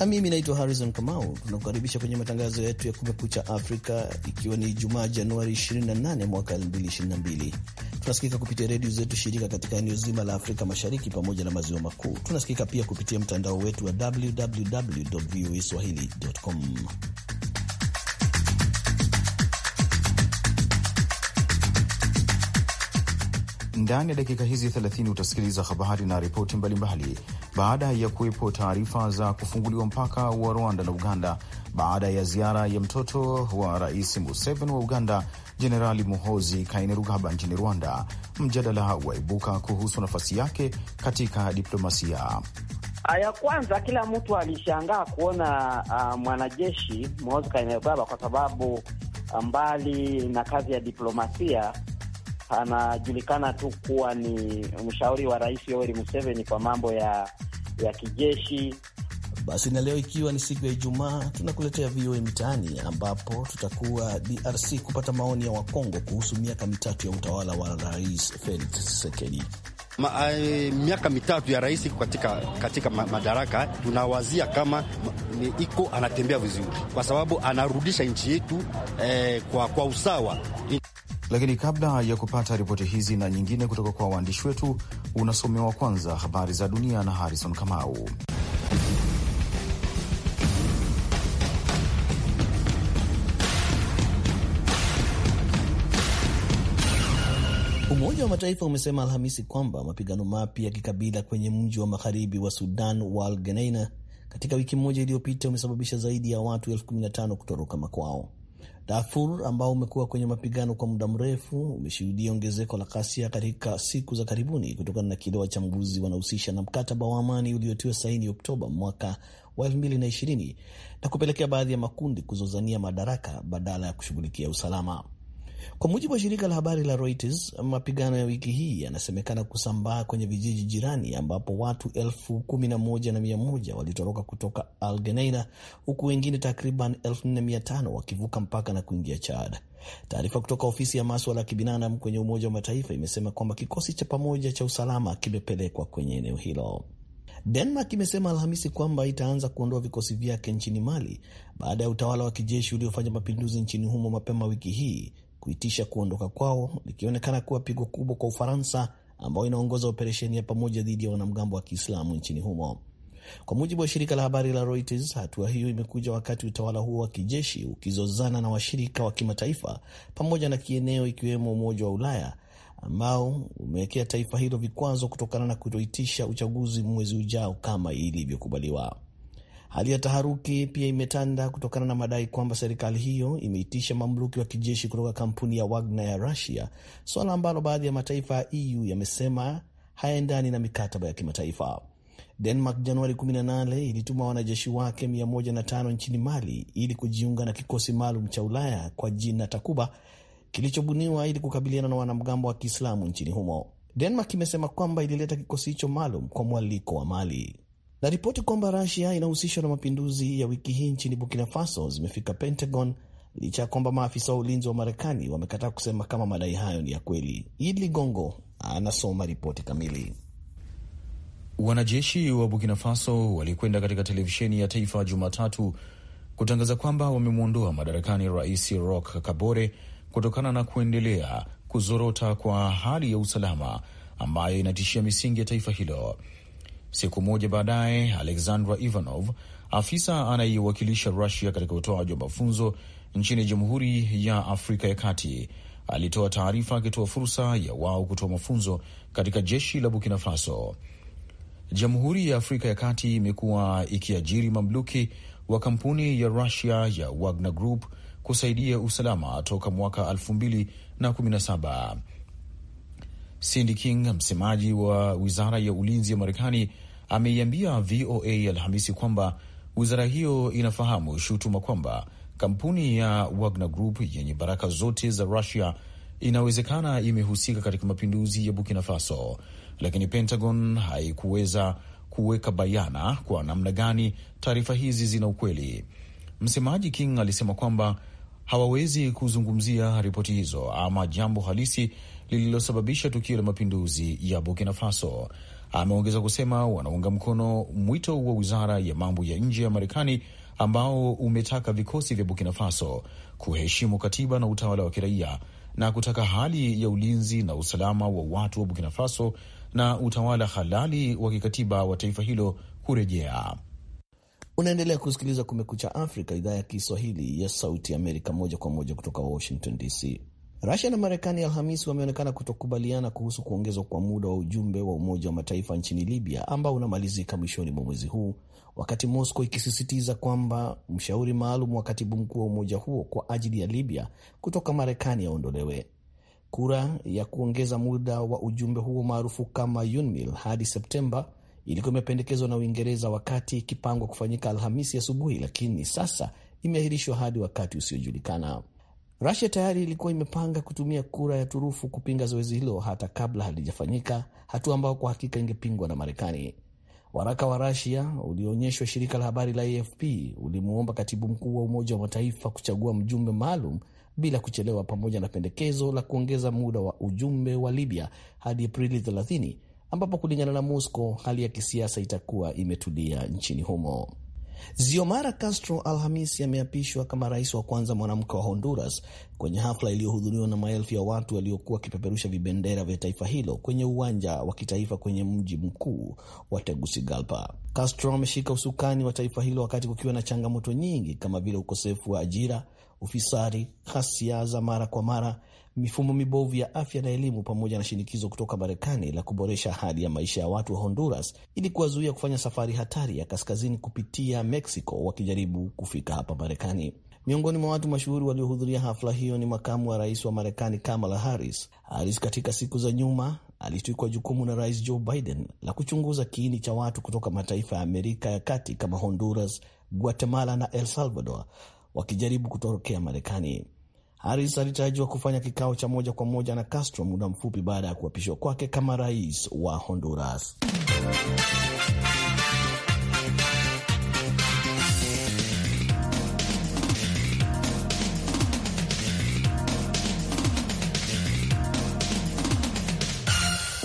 na mimi naitwa Harrison Kamau. Tunakukaribisha kwenye matangazo yetu ya Kumekucha Afrika, ikiwa ni Jumaa Januari 28 mwaka 2022. Tunasikika kupitia redio zetu shirika katika eneo zima la Afrika Mashariki pamoja na maziwa makuu. Tunasikika pia kupitia mtandao wetu wa www voa swahili.com. Ndani ya dakika hizi 30 utasikiliza habari na ripoti mbalimbali. Baada ya kuwepo taarifa za kufunguliwa mpaka wa Rwanda na Uganda baada ya ziara ya mtoto wa Rais Museveni wa Uganda, Jenerali Muhozi Kainerugaba nchini Rwanda, mjadala waibuka kuhusu nafasi yake katika diplomasia. Ah, ya kwanza kila mtu alishangaa kuona uh, mwanajeshi Muhozi Kainerugaba kwa sababu ah, mbali na kazi ya diplomasia anajulikana tu kuwa ni mshauri wa Rais Yoweri Museveni kwa mambo ya, ya kijeshi. Basi na leo ikiwa ni siku ya Ijumaa, tunakuletea VOA Mitaani, ambapo tutakuwa DRC kupata maoni ya Wakongo kuhusu miaka mitatu ya utawala wa Rais Felix Tshisekedi. Ma, e, miaka mitatu ya rais katika, katika madaraka tunawazia kama iko anatembea vizuri, kwa sababu anarudisha nchi yetu eh, kwa, kwa usawa lakini kabla ya kupata ripoti hizi na nyingine kutoka kwa waandishi wetu, unasomewa kwanza habari za dunia na Harrison Kamau. Umoja wa Mataifa umesema Alhamisi kwamba mapigano mapya ya kikabila kwenye mji wa magharibi wa Sudan wa Al Geneina katika wiki moja iliyopita umesababisha zaidi ya watu elfu kumi na tano kutoroka makwao. Darfur ambao umekuwa kwenye mapigano kwa muda mrefu umeshuhudia ongezeko la ghasia katika siku za karibuni kutokana na kile wachambuzi wanahusisha na mkataba wa amani uliotiwa saini Oktoba mwaka wa 2020 na kupelekea baadhi ya makundi kuzozania madaraka badala ya kushughulikia usalama. Kwa mujibu wa shirika la habari la Reuters, mapigano ya wiki hii yanasemekana kusambaa kwenye vijiji jirani ambapo watu elfu kumi na moja na mia moja walitoroka kutoka Algeneina huku wengine takriban elfu nne mia tano wakivuka mpaka na kuingia Chad. Taarifa kutoka ofisi ya maswala ya kibinadamu kwenye Umoja wa Mataifa imesema kwamba kikosi cha pamoja cha usalama kimepelekwa kwenye eneo hilo. Denmark imesema Alhamisi kwamba itaanza kuondoa vikosi vyake nchini Mali baada ya utawala wa kijeshi uliofanya mapinduzi nchini humo mapema wiki hii kuitisha kuondoka kwao, likionekana kuwa pigo kubwa kwa Ufaransa ambayo inaongoza operesheni ya pamoja dhidi ya wanamgambo wa Kiislamu nchini humo. Kwa mujibu wa shirika la habari la Reuters, hatua hiyo imekuja wakati utawala huo wa kijeshi ukizozana na washirika wa kimataifa pamoja na kieneo, ikiwemo Umoja wa Ulaya ambao umewekea taifa hilo vikwazo kutokana na kutoitisha uchaguzi mwezi ujao kama ilivyokubaliwa. Hali ya taharuki pia imetanda kutokana na madai kwamba serikali hiyo imeitisha mamluki wa kijeshi kutoka kampuni ya Wagner ya Russia, suala ambalo baadhi ya mataifa ya EU yamesema hayaendani na mikataba ya kimataifa. Denmark Januari 18 ilituma wanajeshi wake 105 nchini Mali ili kujiunga na kikosi maalum cha Ulaya kwa jina Takuba kilichobuniwa ili kukabiliana na wanamgambo wa Kiislamu nchini humo. Denmark imesema kwamba ilileta kikosi hicho maalum kwa mwaliko wa Mali na ripoti kwamba rasia inahusishwa na mapinduzi ya wiki hii nchini Burkina Faso zimefika Pentagon licha ya kwamba maafisa wa ulinzi wa Marekani wamekataa kusema kama madai hayo ni ya kweli. Idli Gongo anasoma ripoti kamili. Wanajeshi wa Burkina Faso walikwenda katika televisheni ya taifa Jumatatu kutangaza kwamba wamemwondoa madarakani Rais Roch Kabore kutokana na kuendelea kuzorota kwa hali ya usalama ambayo inatishia misingi ya taifa hilo. Siku moja baadaye, Alexandra Ivanov, afisa anayewakilisha Rusia katika utoaji wa mafunzo nchini Jamhuri ya Afrika ya Kati, alitoa taarifa akitoa fursa ya wao kutoa mafunzo katika jeshi la Burkina Faso. Jamhuri ya Afrika ya Kati imekuwa ikiajiri mamluki wa kampuni ya Rusia ya Wagner Group kusaidia usalama toka mwaka 2017. Cindy King, msemaji wa wizara ya ulinzi ya Marekani, ameiambia VOA Alhamisi kwamba wizara hiyo inafahamu shutuma kwamba kampuni ya Wagner Group yenye baraka zote za Rusia inawezekana imehusika katika mapinduzi ya Burkina Faso, lakini Pentagon haikuweza kuweka bayana kwa namna gani taarifa hizi zina ukweli. Msemaji King alisema kwamba hawawezi kuzungumzia ripoti hizo ama jambo halisi lililosababisha tukio la mapinduzi ya Burkina Faso. Ameongeza kusema wanaunga mkono mwito wa wizara ya mambo ya nje ya Marekani ambao umetaka vikosi vya Burkina Faso kuheshimu katiba na utawala wa kiraia na kutaka hali ya ulinzi na usalama wa watu wa Burkina Faso na utawala halali wa kikatiba wa taifa hilo kurejea. Unaendelea kusikiliza Kumekucha Afrika, idhaa ya Kiswahili ya Sauti Amerika, moja kwa moja kutoka Washington DC. Rusia na Marekani Alhamis wameonekana kutokubaliana kuhusu kuongezwa kwa muda wa ujumbe wa Umoja wa Mataifa nchini Libya ambao unamalizika mwishoni mwa mwezi huu, wakati Moscow ikisisitiza kwamba mshauri maalum wa katibu mkuu wa umoja huo kwa ajili ya Libya kutoka Marekani aondolewe. Kura ya kuongeza muda wa ujumbe huo maarufu kama UNMIL hadi Septemba ilikuwa imependekezwa na Uingereza wakati ikipangwa kufanyika Alhamisi asubuhi, lakini sasa imeahirishwa hadi wakati usiojulikana. Rusia tayari ilikuwa imepanga kutumia kura ya turufu kupinga zoezi hilo hata kabla halijafanyika, hatua ambayo kwa hakika ingepingwa na Marekani. Waraka wa Rusia ulioonyeshwa shirika la habari la AFP ulimwomba katibu mkuu wa Umoja wa Mataifa kuchagua mjumbe maalum bila kuchelewa, pamoja na pendekezo la kuongeza muda wa ujumbe wa Libya hadi Aprili 30 ambapo kulingana na Moscow hali ya kisiasa itakuwa imetulia nchini humo. Xiomara Castro Alhamisi ameapishwa kama rais wa kwanza mwanamke wa Honduras kwenye hafla iliyohudhuriwa na maelfu ya watu waliokuwa wakipeperusha vibendera vya taifa hilo kwenye uwanja wa kitaifa kwenye mji mkuu wa Tegucigalpa. Castro ameshika usukani wa taifa hilo wakati kukiwa na changamoto nyingi kama vile ukosefu wa ajira, ufisadi, ghasia za mara kwa mara mifumo mibovu ya afya na elimu, pamoja na shinikizo kutoka Marekani la kuboresha hali ya maisha ya watu wa Honduras ili kuwazuia kufanya safari hatari ya kaskazini kupitia Mexico wakijaribu kufika hapa Marekani. Miongoni mwa watu mashuhuri waliohudhuria hafla hiyo ni makamu wa rais wa Marekani Kamala Harris. Harris katika siku za nyuma alitwikwa jukumu na rais Joe Biden la kuchunguza kiini cha watu kutoka mataifa ya Amerika ya kati kama Honduras, Guatemala na El Salvador wakijaribu kutorokea Marekani haris alitarajiwa kufanya kikao cha moja kwa moja na Castro muda mfupi baada ya kuapishwa kwake kama rais wa Honduras.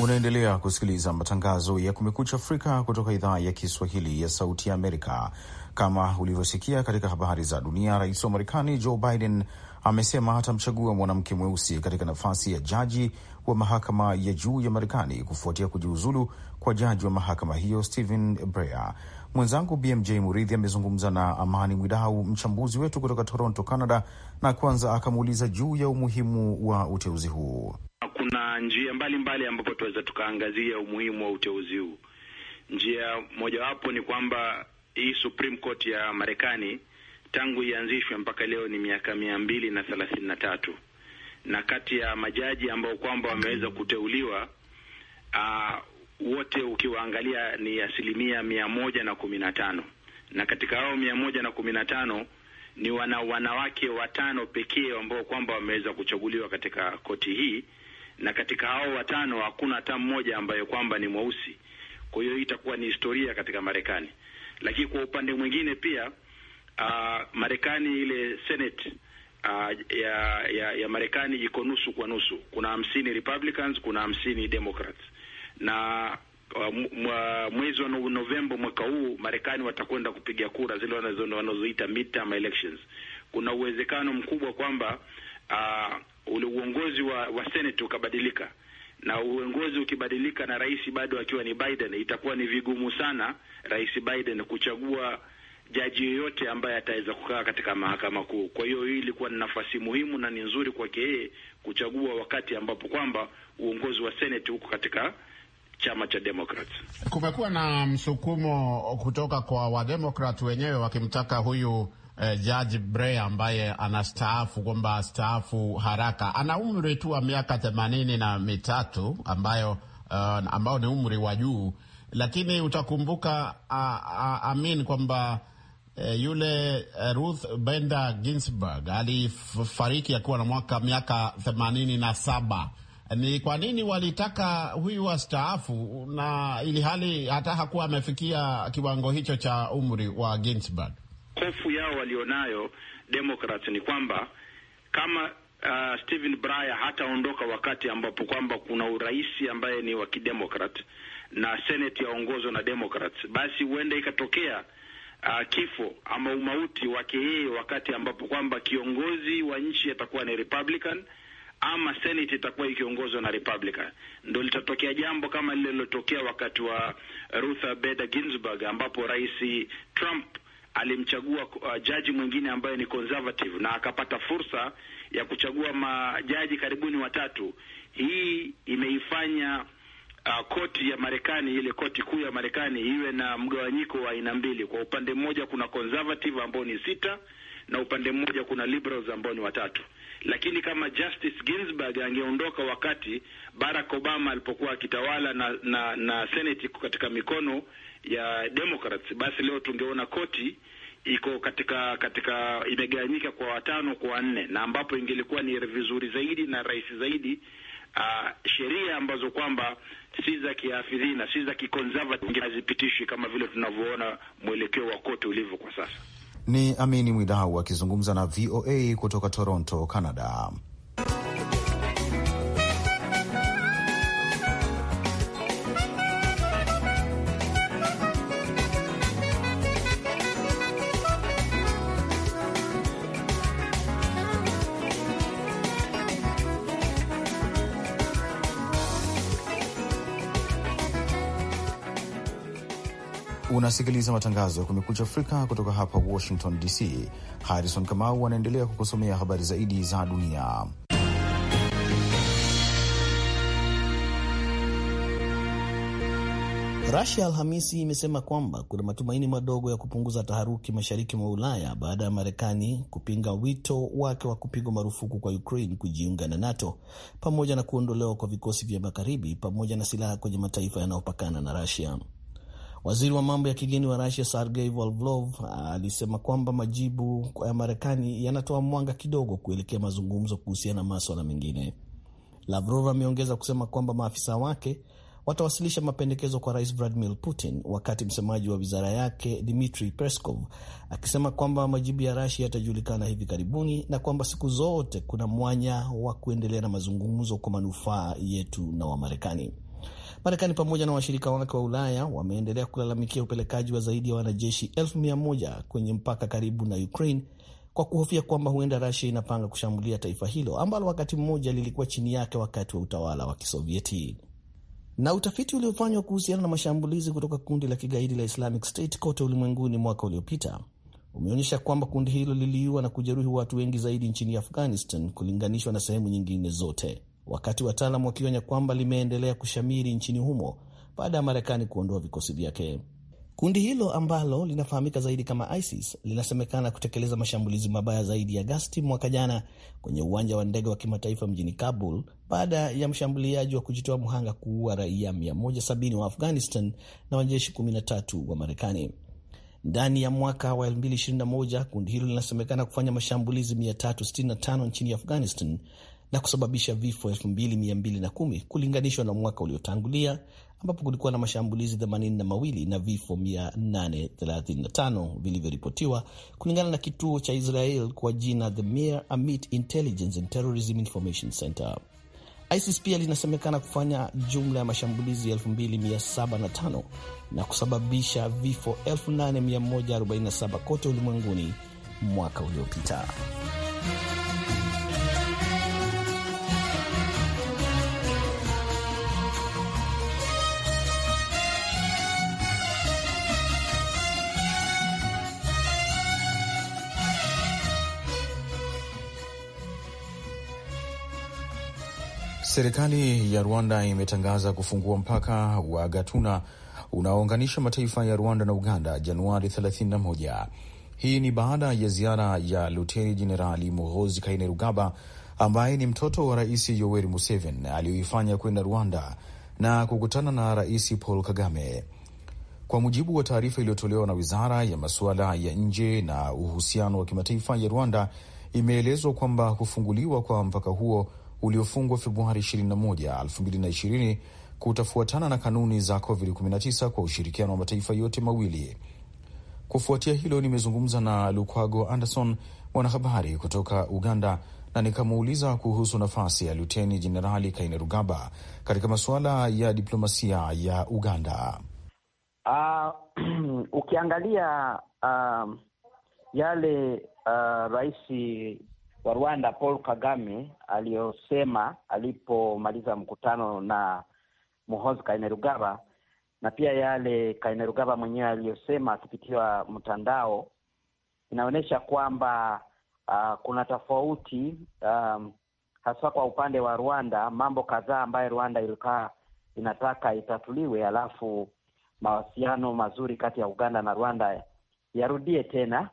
Unaendelea kusikiliza matangazo ya Kumekucha Afrika kutoka idhaa ya Kiswahili ya Sauti ya Amerika. Kama ulivyosikia katika habari za dunia, rais wa Marekani Joe Biden amesema atamchagua mwanamke mweusi katika nafasi ya jaji wa mahakama ya juu ya Marekani kufuatia kujiuzulu kwa jaji wa mahakama hiyo Stephen Breyer. Mwenzangu BMJ Muridhi amezungumza na Amani Mwidau, mchambuzi wetu kutoka Toronto, Canada, na kwanza akamuuliza juu ya umuhimu wa uteuzi huu. Kuna njia mbalimbali ambapo tunaweza tukaangazia umuhimu wa uteuzi huu. Njia mojawapo ni kwamba hii Supreme Court ya Marekani tangu ianzishwe mpaka leo ni miaka mia mbili na thelathini na tatu na kati ya majaji ambao kwamba wameweza kuteuliwa aa, ah, wote ukiwaangalia ni asilimia mia moja na kumi na tano na katika hao mia moja na kumi na tano ni wana wanawake watano pekee ambao kwamba wameweza kuchaguliwa katika koti hii, na katika hao watano hakuna hata mmoja ambaye kwamba ni mweusi. Kwa hiyo hii itakuwa ni historia katika Marekani, lakini kwa upande mwingine pia uh, Marekani ile Senate uh, ya, ya, ya Marekani iko nusu kwa nusu, kuna hamsini Republicans, kuna hamsini Democrats na ah, mwezi wa Novemba mwaka huu Marekani watakwenda kupiga kura zile wanazoita midterm elections. Kuna uwezekano mkubwa kwamba uh, ule uongozi wa, wa Senate ukabadilika, na uongozi ukibadilika na rais bado akiwa ni Biden, itakuwa ni vigumu sana rais Biden kuchagua jaji yoyote ambaye ataweza kukaa katika mahakama kuu. Kwa hiyo hii ilikuwa ni nafasi muhimu na ni nzuri kwake yeye kuchagua wakati ambapo kwamba uongozi wa Senate huko katika chama cha Democrat. Kumekuwa na msukumo kutoka kwa wademokrat wenyewe wakimtaka huyu eh, jaji Bray ambaye anastaafu kwamba astaafu haraka. Ana umri tu wa miaka themanini na mitatu ambayo uh, ambao ni umri wa juu, lakini utakumbuka amin kwamba Eh, yule eh, Ruth Bader Ginsburg alifariki akiwa na mwaka miaka themanini na saba. Ni kwa nini walitaka huyu wastaafu na ili hali hata hakuwa amefikia kiwango hicho cha umri wa Ginsburg? Hofu yao walionayo Democrats ni kwamba kama Uh, Stephen Breyer hataondoka wakati ambapo kwamba kuna uraisi ambaye ni wa kidemokrat na seneti yaongozwa na Democrats, basi huenda ikatokea uh, kifo ama umauti wake yeye, wakati ambapo kwamba kiongozi wa nchi atakuwa ni Republican ama Senate itakuwa ikiongozwa na Republican. Ndio litatokea jambo kama lile lilotokea wakati wa Ruth Bader Ginsburg, ambapo Rais Trump alimchagua uh, jaji mwingine ambaye ni conservative na akapata fursa ya kuchagua majaji karibuni watatu. Hii imeifanya uh, koti ya Marekani, ile koti kuu ya Marekani iwe na mgawanyiko wa aina mbili. Kwa upande mmoja kuna conservative ambao ni sita na upande mmoja kuna liberals ambao ni watatu. Lakini kama Justice Ginsburg angeondoka wakati Barack Obama alipokuwa akitawala na, na, na Senate iko katika mikono ya Democrats, basi leo tungeona koti iko katika katika imegawanyika kwa watano kwa wanne, na ambapo ingelikuwa ni vizuri zaidi na rahisi zaidi uh, sheria ambazo kwamba si za kiafidhina si za kiconservative hazipitishwi kama vile tunavyoona mwelekeo wa kote ulivyo kwa sasa. Ni Amini Mwidau akizungumza na VOA kutoka Toronto, Canada. Unasikiliza matangazo ya Kumekucha Afrika kutoka hapa Washington DC. Harrison Kamau anaendelea kukusomea habari zaidi za dunia. Rasia Alhamisi imesema kwamba kuna matumaini madogo ya kupunguza taharuki mashariki mwa Ulaya baada ya Marekani kupinga wito wake wa kupigwa marufuku kwa Ukraine kujiunga na NATO pamoja na kuondolewa kwa vikosi vya magharibi pamoja na silaha kwenye mataifa yanayopakana na Rasia. Waziri wa mambo ya kigeni wa Rusia Sergei Lavrov alisema kwamba majibu ya Marekani yanatoa mwanga kidogo kuelekea mazungumzo kuhusiana na maswala mengine. Lavrov ameongeza kusema kwamba maafisa wake watawasilisha mapendekezo kwa rais Vladimir Putin, wakati msemaji wa wizara yake Dmitri Peskov akisema kwamba majibu ya rasia yatajulikana hivi karibuni na kwamba siku zote kuna mwanya wa kuendelea na mazungumzo kwa manufaa yetu na Wamarekani. Marekani pamoja na washirika wake wa Ulaya wameendelea kulalamikia upelekaji wa zaidi ya wanajeshi elfu mia moja kwenye mpaka karibu na Ukraine kwa kuhofia kwamba huenda Rusia inapanga kushambulia taifa hilo ambalo wakati mmoja lilikuwa chini yake wakati wa utawala wa Kisovieti. Na utafiti uliofanywa kuhusiana na mashambulizi kutoka kundi la kigaidi la Islamic State kote ulimwenguni mwaka uliopita umeonyesha kwamba kundi hilo liliua na kujeruhi watu wengi zaidi nchini Afghanistan kulinganishwa na sehemu nyingine zote wakati wataalam wakionya kwamba limeendelea kushamiri nchini humo baada ya Marekani kuondoa vikosi vyake. Kundi hilo ambalo linafahamika zaidi kama ISIS linasemekana kutekeleza mashambulizi mabaya zaidi ya Agosti mwaka jana kwenye uwanja wa ndege wa kimataifa mjini Kabul baada ya mshambuliaji wa kujitoa mhanga kuua raia 170 wa Afghanistan na wanajeshi 13 wa Marekani. Ndani ya mwaka wa 2021 kundi hilo linasemekana kufanya mashambulizi 365 nchini Afghanistan na kusababisha vifo 2210 kulinganishwa na mwaka uliotangulia ambapo kulikuwa na mashambulizi 82 na vifo 835 vilivyoripotiwa kulingana na kituo cha Israel kwa jina The Mir Amit Intelligence and Terrorism Information Center. ISIS pia linasemekana kufanya jumla ya mashambulizi 2705 na, na kusababisha vifo 8147 kote ulimwenguni mwaka uliopita. Serikali ya Rwanda imetangaza kufungua mpaka wa Gatuna unaounganisha mataifa ya Rwanda na Uganda Januari 31. Hii ni baada ya ziara ya Luteni Jenerali kaine Kainerugaba ambaye ni mtoto wa Rais Yoweri Museveni aliyoifanya kwenda Rwanda na kukutana na Rais Paul Kagame. Kwa mujibu wa taarifa iliyotolewa na Wizara ya Masuala ya Nje na Uhusiano wa Kimataifa ya Rwanda, imeelezwa kwamba kufunguliwa kwa mpaka huo uliofungwa Februari 21, 2020 kutafuatana na kanuni za COVID-19 kwa ushirikiano wa mataifa yote mawili. Kufuatia hilo, nimezungumza na Lukwago Anderson, mwanahabari kutoka Uganda, na nikamuuliza kuhusu nafasi ya Luteni Jenerali Kainerugaba katika masuala ya diplomasia ya Uganda. Uh, ukiangalia uh, yale uh, Rais wa Rwanda Paul Kagame aliyosema alipomaliza mkutano na Muhozi Kainerugaba na pia yale Kainerugaba mwenyewe aliyosema akipitiwa mtandao inaonyesha kwamba uh, kuna tofauti um, haswa kwa upande wa Rwanda, mambo kadhaa ambayo Rwanda ilikaa inataka itatuliwe, alafu mawasiliano mazuri kati ya Uganda na Rwanda yarudie tena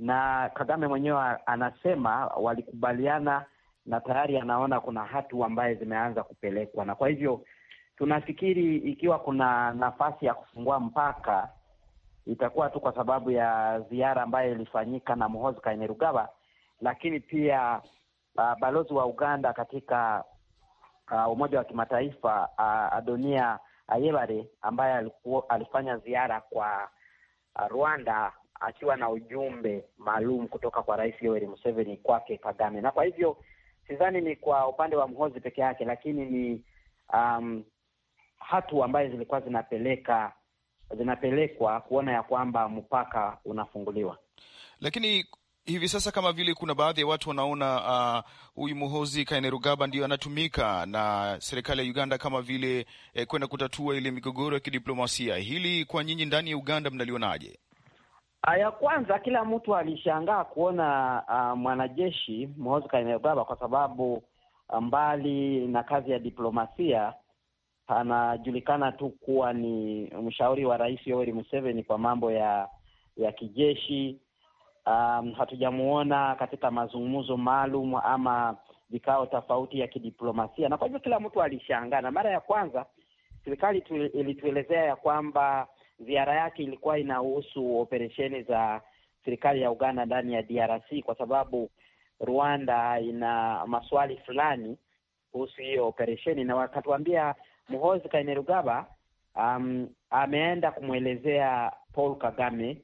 na Kagame mwenyewe anasema walikubaliana na tayari anaona kuna hatua ambaye zimeanza kupelekwa, na kwa hivyo tunafikiri ikiwa kuna nafasi ya kufungua mpaka itakuwa tu kwa sababu ya ziara ambayo ilifanyika na Muhoozi Kainerugaba, lakini pia uh, balozi wa Uganda katika uh, Umoja wa Kimataifa uh, Adonia Ayebare ambaye alifanya ziara kwa Rwanda akiwa na ujumbe maalum kutoka kwa Rais Yoweri Museveni kwake Kagame, na kwa hivyo sidhani ni kwa upande wa Mhozi peke yake, lakini ni um, hatua ambazo zilikuwa zinapeleka zinapelekwa kuona ya kwamba mpaka unafunguliwa, lakini hivi sasa kama vile kuna baadhi ya watu wanaona uh, huyu uh, Muhozi Kainerugaba ndiyo anatumika na serikali ya Uganda kama vile eh, kwenda kutatua ile migogoro ya kidiplomasia. Hili kwa nyinyi ndani ya Uganda mnalionaje? Ah, ya kwanza kila mtu alishangaa kuona uh, mwanajeshi Muhoozi Kainerugaba kwa sababu ah, mbali na kazi ya diplomasia anajulikana tu kuwa ni mshauri wa Rais Yoweri Museveni kwa mambo ya ya kijeshi. Um, hatujamuona katika mazungumzo maalum ama vikao tofauti ya kidiplomasia, na kwa hivyo kila mtu alishangaa, na mara ya kwanza serikali ilituelezea ya kwamba ziara yake ilikuwa inahusu operesheni za serikali ya Uganda ndani ya DRC kwa sababu Rwanda ina maswali fulani kuhusu hiyo operesheni, na wakatuambia Muhoozi Kainerugaba um, ameenda kumwelezea Paul Kagame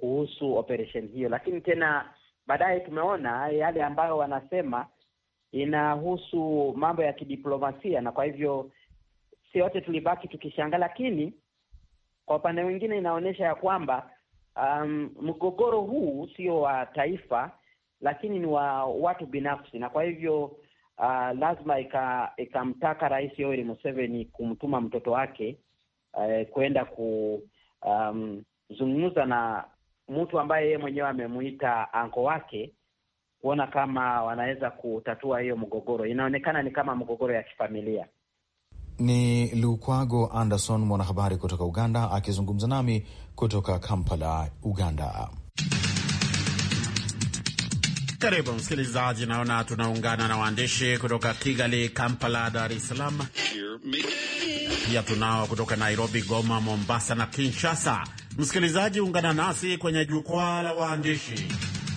kuhusu operesheni hiyo, lakini tena baadaye tumeona yale ambayo wanasema inahusu mambo ya kidiplomasia, na kwa hivyo si yote tulibaki tukishangaa, lakini kwa upande mwingine inaonyesha ya kwamba um, mgogoro huu sio wa taifa, lakini ni wa watu binafsi, na kwa hivyo uh, lazima ikamtaka Rais Yoweri Museveni kumtuma mtoto wake uh, kwenda kuzungumza um, na mtu ambaye yeye mwenyewe amemuita anko wake kuona kama wanaweza kutatua hiyo mgogoro. Inaonekana ni kama mgogoro ya kifamilia. Ni Lukwago Anderson, mwanahabari kutoka Uganda, akizungumza nami kutoka Kampala, Uganda. Karibu msikilizaji, naona tunaungana na waandishi kutoka Kigali, Kampala, Dar es Salaam. Pia tunao kutoka Nairobi, Goma, Mombasa na Kinshasa. Msikilizaji, ungana nasi kwenye jukwaa la waandishi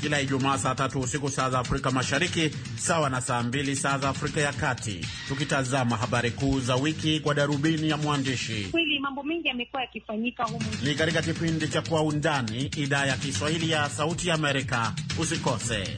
kila Ijumaa saa tatu usiku saa za Afrika Mashariki, sawa na saa mbili saa za Afrika ya Kati, tukitazama habari kuu za wiki kwa darubini ya mwandishi. Kweli mambo mengi yamekuwa yakifanyika humu. Ni katika kipindi cha Kwa Undani, idhaa ya Kiswahili ya Sauti ya Amerika. Usikose.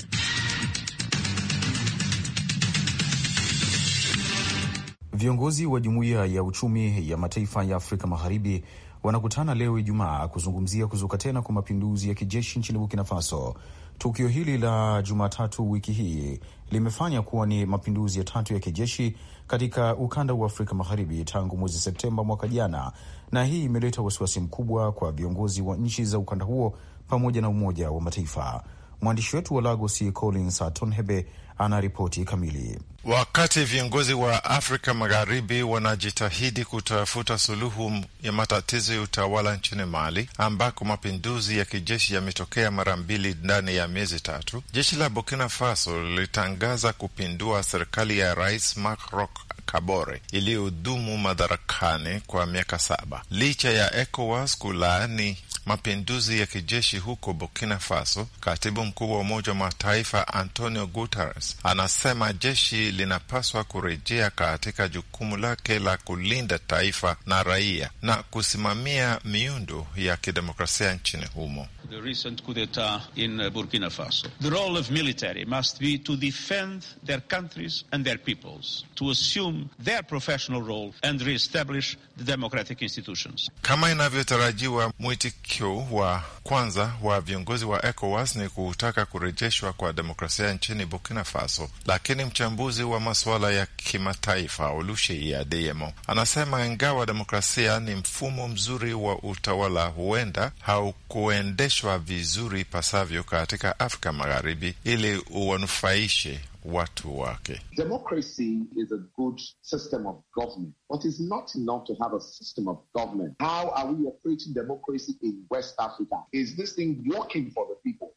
Viongozi wa Jumuiya ya Uchumi ya Mataifa ya Afrika Magharibi wanakutana leo Ijumaa kuzungumzia kuzuka tena kwa mapinduzi ya kijeshi nchini Burkina Faso Tukio hili la Jumatatu wiki hii limefanya kuwa ni mapinduzi ya tatu ya kijeshi katika ukanda wa Afrika Magharibi tangu mwezi Septemba mwaka jana, na hii imeleta wasiwasi mkubwa kwa viongozi wa nchi za ukanda huo pamoja na Umoja wa Mataifa. Mwandishi wetu wa Lagosi Collins Atonhebe anaripoti kamili. Wakati viongozi wa Afrika Magharibi wanajitahidi kutafuta suluhu ya matatizo ya utawala nchini Mali ambako mapinduzi ya kijeshi yametokea mara mbili ndani ya miezi tatu, jeshi la Burkina Faso lilitangaza kupindua serikali ya Rais Marc Roch Kabore iliyodumu madarakani kwa miaka saba licha ya ECOWAS kulaani mapinduzi ya kijeshi huko Burkina Faso, katibu mkuu wa Umoja wa Mataifa Antonio Guterres anasema jeshi linapaswa kurejea katika jukumu lake la kulinda taifa na raia na kusimamia miundo ya kidemokrasia nchini humo the recent coup d'etat in uh, Burkina Faso. The role of military must be to defend their countries and their peoples, to assume their professional role and reestablish the democratic institutions. Kama inavyotarajiwa, mwitikio wa kwanza wa viongozi wa ECOWAS ni kutaka kurejeshwa kwa demokrasia nchini Burkina Faso, lakini mchambuzi wa masuala ya kimataifa Olusheye Adeyemo anasema ingawa demokrasia ni mfumo mzuri wa utawala, huenda haukuendeshwa kuunganishwa vizuri pasavyo katika Afrika Magharibi ili uwanufaishe watu wake. Democracy is a good system of government, but it's not enough to have a system of government. How are we operating democracy in West Africa? Is this thing working for the people?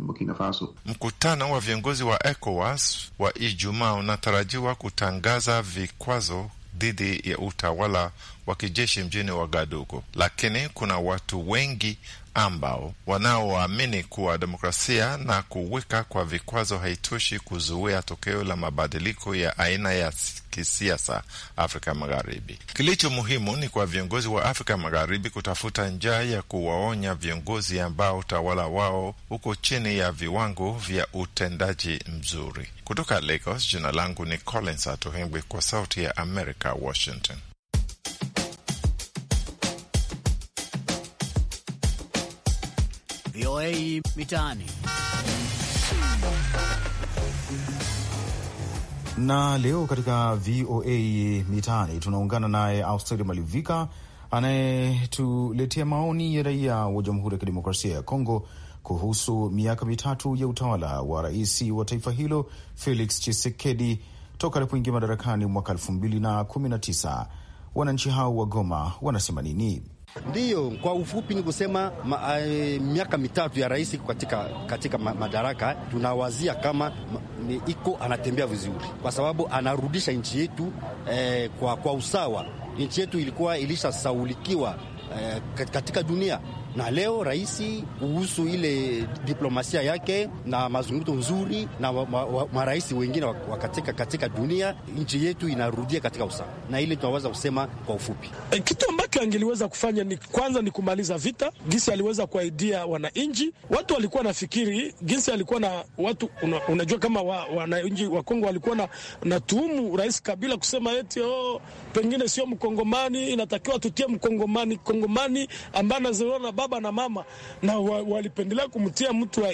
Burkina Faso. Mkutano wa viongozi wa ECOWAS wa Ijumaa unatarajiwa kutangaza vikwazo dhidi ya utawala wa kijeshi mjini Wagadugu, lakini kuna watu wengi ambao wanaoamini kuwa demokrasia na kuweka kwa vikwazo haitoshi kuzuia tokeo la mabadiliko ya aina ya kisiasa Afrika Magharibi. Kilicho muhimu ni kwa viongozi wa Afrika Magharibi kutafuta njia ya kuwaonya viongozi ambao utawala wao uko chini ya viwango vya utendaji mzuri. Kutoka Lagos, jina langu ni Collins Atohengwi, kwa Sauti ya America, Washington. VOA Mitaani. Na leo katika VOA Mitaani tunaungana naye Austeri Malivika anayetuletea maoni ya raia wa Jamhuri ya Kidemokrasia ya Kongo kuhusu miaka mitatu ya utawala wa rais wa taifa hilo Felix Tshisekedi toka alipoingia madarakani mwaka elfu mbili na kumi na tisa. Wananchi hao wa Goma wanasema nini? Ndiyo, kwa ufupi ni kusema ma, e, miaka mitatu ya rais katika, katika madaraka tunawazia kama ni, iko anatembea vizuri kwa sababu anarudisha nchi yetu e, kwa, kwa usawa. Nchi yetu ilikuwa ilishasaulikiwa e, eh, katika dunia na leo rais kuhusu ile diplomasia yake na mazungumzo nzuri na marais ma, ma, ma wengine wakatika katika, dunia, nchi yetu inarudia katika usawa, na ile tunaweza kusema kwa ufupi e, kitu ambacho angeliweza kufanya ni kwanza ni kumaliza vita, gisi aliweza kuaidia wananchi. Watu walikuwa nafikiri gisi alikuwa na watu una, unajua kama wananchi wa, wa Kongo walikuwa na, na tuhumu rais Kabila kusema eti oh, pengine sio mkongomani, inatakiwa tutie mkongomani kongomani ambaye anazoona baba na mama, na wa, walipendelea kumtia mtu wa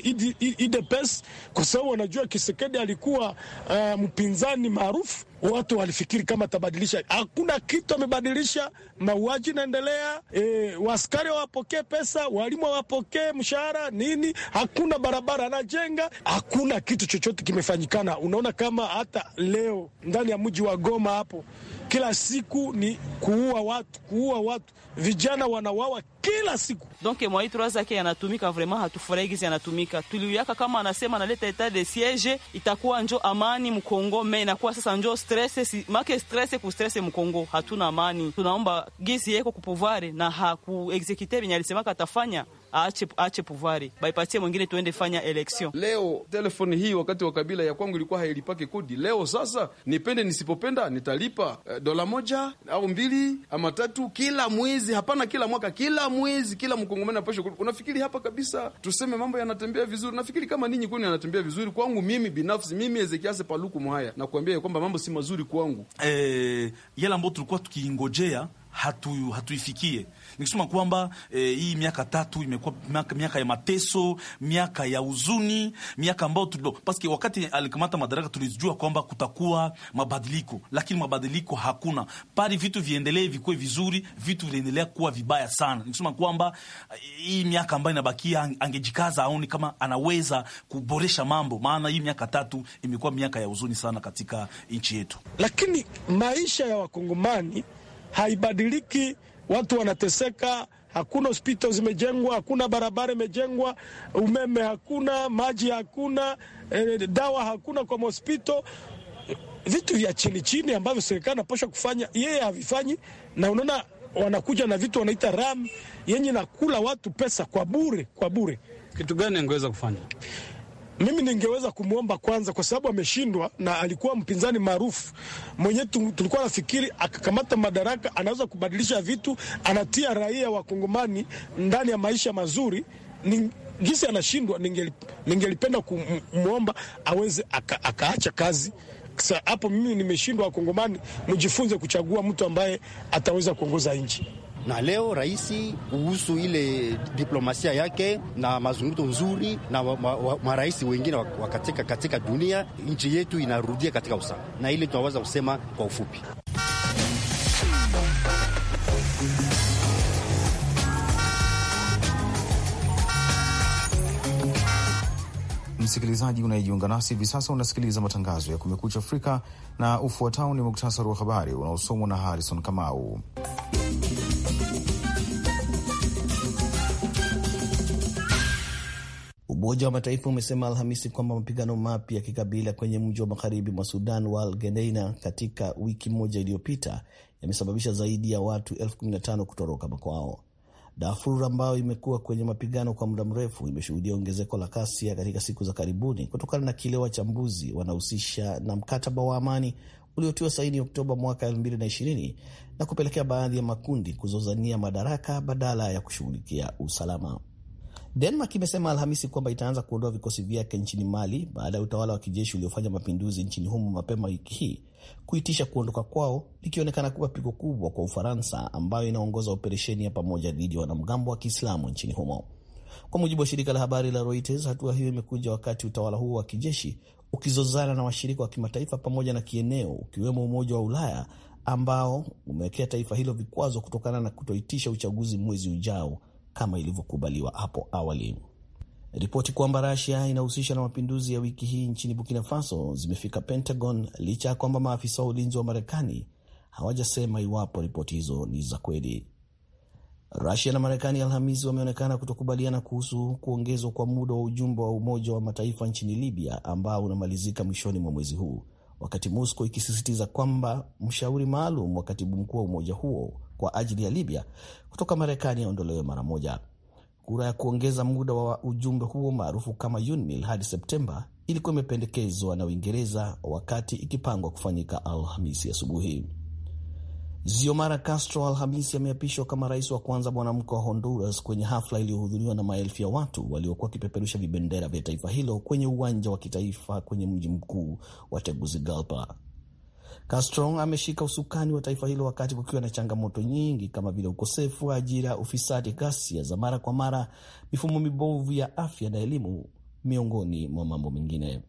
UDPS kwa sababu wanajua Kisekedi alikuwa uh, mpinzani maarufu watu walifikiri kama atabadilisha. Hakuna kitu amebadilisha, mauaji inaendelea. E, waskari wapokee pesa, walimu wapokee mshahara nini, hakuna barabara anajenga, hakuna kitu chochote kimefanyikana. Unaona kama hata leo ndani ya mji wa Goma hapo kila siku ni kuua watu, kuua watu, vijana wanawawa kila siku. Donc mwaitro zake yanatumika vraiment, hatufurahi gizi yanatumika. Tuliuyaka kama anasema analeta etat de siege, itakuwa njo amani mkongo me inakuwa sasa njo stress make stress kustress Mkongo hatuna amani. Tunaomba gisi yeko kupuvare na hakuexekite venye alisemaka atafanya aache, aache puvari baipatie mwingine, tuende fanya election. Leo telefoni hii wakati wa Kabila ya kwangu ilikuwa hailipaki kodi. Leo sasa, nipende nisipopenda, nitalipa eh, dola moja au mbili ama tatu kila mwezi, hapana kila mwaka, kila mwezi, kila mkongomani apashe. Unafikiri hapa kabisa tuseme mambo yanatembea vizuri? Nafikiri kama ninyi kwenu yanatembea vizuri, kwangu mimi binafsi, mimi ezekiase Paluku Muhaya nakuambia kwamba mambo si mazuri kwangu. Eh, yale ambayo tulikuwa tukiingojea hatu, hatuifikie. Nikisema kwamba e, hii miaka tatu imekuwa miaka, miaka ya mateso, miaka ya huzuni, miaka ambayo tulio paske wakati alikamata madaraka tulijua kwamba kutakuwa mabadiliko, lakini mabadiliko hakuna pali. Vitu viendelee vikuwe vizuri, vitu viliendelea kuwa vibaya sana. Nikisema kwamba e, hii miaka ambayo inabakia angejikaza aoni kama anaweza kuboresha mambo, maana hii miaka tatu imekuwa miaka ya huzuni sana katika nchi yetu, lakini maisha ya wakongomani haibadiliki, watu wanateseka. Hakuna hospitali zimejengwa, hakuna barabara imejengwa, umeme hakuna, maji hakuna, e, dawa hakuna kwa mahospitali vitu vya chini chini ambavyo serikali anapasha kufanya, yeye havifanyi, na unaona wanakuja na vitu wanaita ram yenye nakula watu pesa kwa bure, kwa bure. Kitu gani angeweza kufanya? Mimi ningeweza kumwomba kwanza, kwa sababu ameshindwa na alikuwa mpinzani maarufu mwenyewe. Tulikuwa nafikiri akakamata madaraka, anaweza kubadilisha vitu, anatia raia wa Kongomani ndani ya maisha mazuri. Ni gisi anashindwa, ningelipenda kumwomba aweze aka, akaacha kazi hapo. Mimi nimeshindwa, Wakongomani mjifunze kuchagua mtu ambaye ataweza kuongoza nchi na leo raisi kuhusu ile diplomasia yake na mazungumzo nzuri na marais wengine wakatika katika, dunia, nchi yetu inarudia katika usawa, na ile tunaweza kusema kwa ufupi. Msikilizaji unayejiunga nasi hivi sasa, unasikiliza matangazo ya Kumekucha Afrika, na ufuatao ni muktasari wa habari unaosomwa na Harrison Kamau. Umoja wa Mataifa umesema Alhamisi kwamba mapigano mapya ya kikabila kwenye mji wa magharibi mwa Sudan wa Algeneina katika wiki moja iliyopita yamesababisha zaidi ya watu elfu kumi na tano kutoroka makwao. Darfur ambayo imekuwa kwenye mapigano kwa muda mrefu imeshuhudia ongezeko la kasia katika siku za karibuni kutokana na kile wachambuzi wanahusisha na mkataba wa amani uliotiwa saini Oktoba mwaka 2020 na kupelekea baadhi ya makundi kuzozania madaraka badala ya kushughulikia usalama. Denmark imesema Alhamisi kwamba itaanza kuondoa vikosi vyake nchini Mali baada ya utawala wa kijeshi uliofanya mapinduzi nchini humo mapema wiki hii kuitisha kuondoka kwao, likionekana kuwa pigo kubwa kwa Ufaransa ambayo inaongoza operesheni ya pamoja dhidi ya wanamgambo wa Kiislamu nchini humo. Kwa mujibu wa shirika la habari la Reuters, hatua hiyo imekuja wakati utawala huo wa kijeshi ukizozana na washirika wa kimataifa pamoja na kieneo, ukiwemo Umoja wa Ulaya ambao umewekea taifa hilo vikwazo kutokana na kutoitisha uchaguzi mwezi ujao kama ilivyokubaliwa hapo awali. Ripoti kwamba Rasia inahusisha na mapinduzi ya wiki hii nchini Burkina Faso zimefika Pentagon licha ya kwamba maafisa wa ulinzi wa Marekani hawajasema iwapo ripoti hizo ni za kweli. Rasia na Marekani Alhamisi wameonekana kutokubaliana kuhusu kuongezwa kwa muda wa ujumbe wa Umoja wa Mataifa nchini Libya ambao unamalizika mwishoni mwa mwezi huu, wakati Moscow ikisisitiza kwamba mshauri maalum wa katibu mkuu wa umoja huo kwa ajili ya Libya kutoka Marekani yaondolewe mara moja. Kura ya kuongeza muda wa ujumbe huo maarufu kama UNMIL hadi Septemba ilikuwa imependekezwa na Uingereza wakati ikipangwa kufanyika Alhamisi asubuhi. ziomara Castro Alhamisi ameapishwa kama rais wa kwanza mwanamke wa Honduras kwenye hafla iliyohudhuriwa na maelfu ya watu waliokuwa wakipeperusha vibendera vya taifa hilo kwenye uwanja wa kitaifa kwenye mji mkuu wa Tegucigalpa. Castron ameshika usukani wa taifa hilo wakati kukiwa na changamoto nyingi kama vile ukosefu wa ajira, ufisadi, ghasia za mara kwa mara, mifumo mibovu ya afya na elimu, miongoni mwa mambo mengine.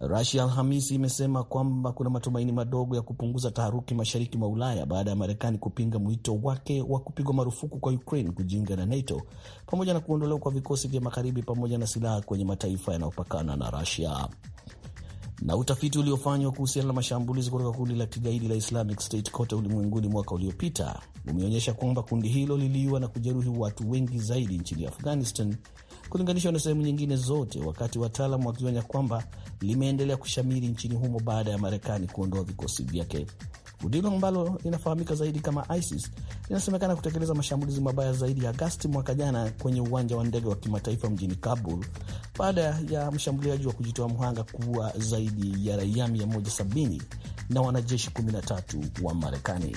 Rusia Alhamisi imesema kwamba kuna matumaini madogo ya kupunguza taharuki mashariki mwa Ulaya baada ya Marekani kupinga mwito wake wa kupigwa marufuku kwa Ukraine kujiunga na NATO pamoja na kuondolewa kwa vikosi vya magharibi pamoja na silaha kwenye mataifa yanayopakana na Rusia na utafiti uliofanywa kuhusiana na mashambulizi kutoka kundi la kigaidi la Islamic State kote ulimwenguni mwaka uliopita umeonyesha kwamba kundi hilo liliua na kujeruhi watu wengi zaidi nchini Afghanistan kulinganishwa na sehemu nyingine zote, wakati wataalam wakionya kwamba limeendelea kushamiri nchini humo baada ya Marekani kuondoa vikosi vyake. Kundi hilo ambalo linafahamika zaidi kama ISIS linasemekana kutekeleza mashambulizi mabaya zaidi ya Agasti mwaka jana kwenye uwanja wa ndege wa kimataifa mjini Kabul baada ya mshambuliaji wa kujitoa mhanga kuua zaidi ya raia 170 na wanajeshi 13 wa Marekani.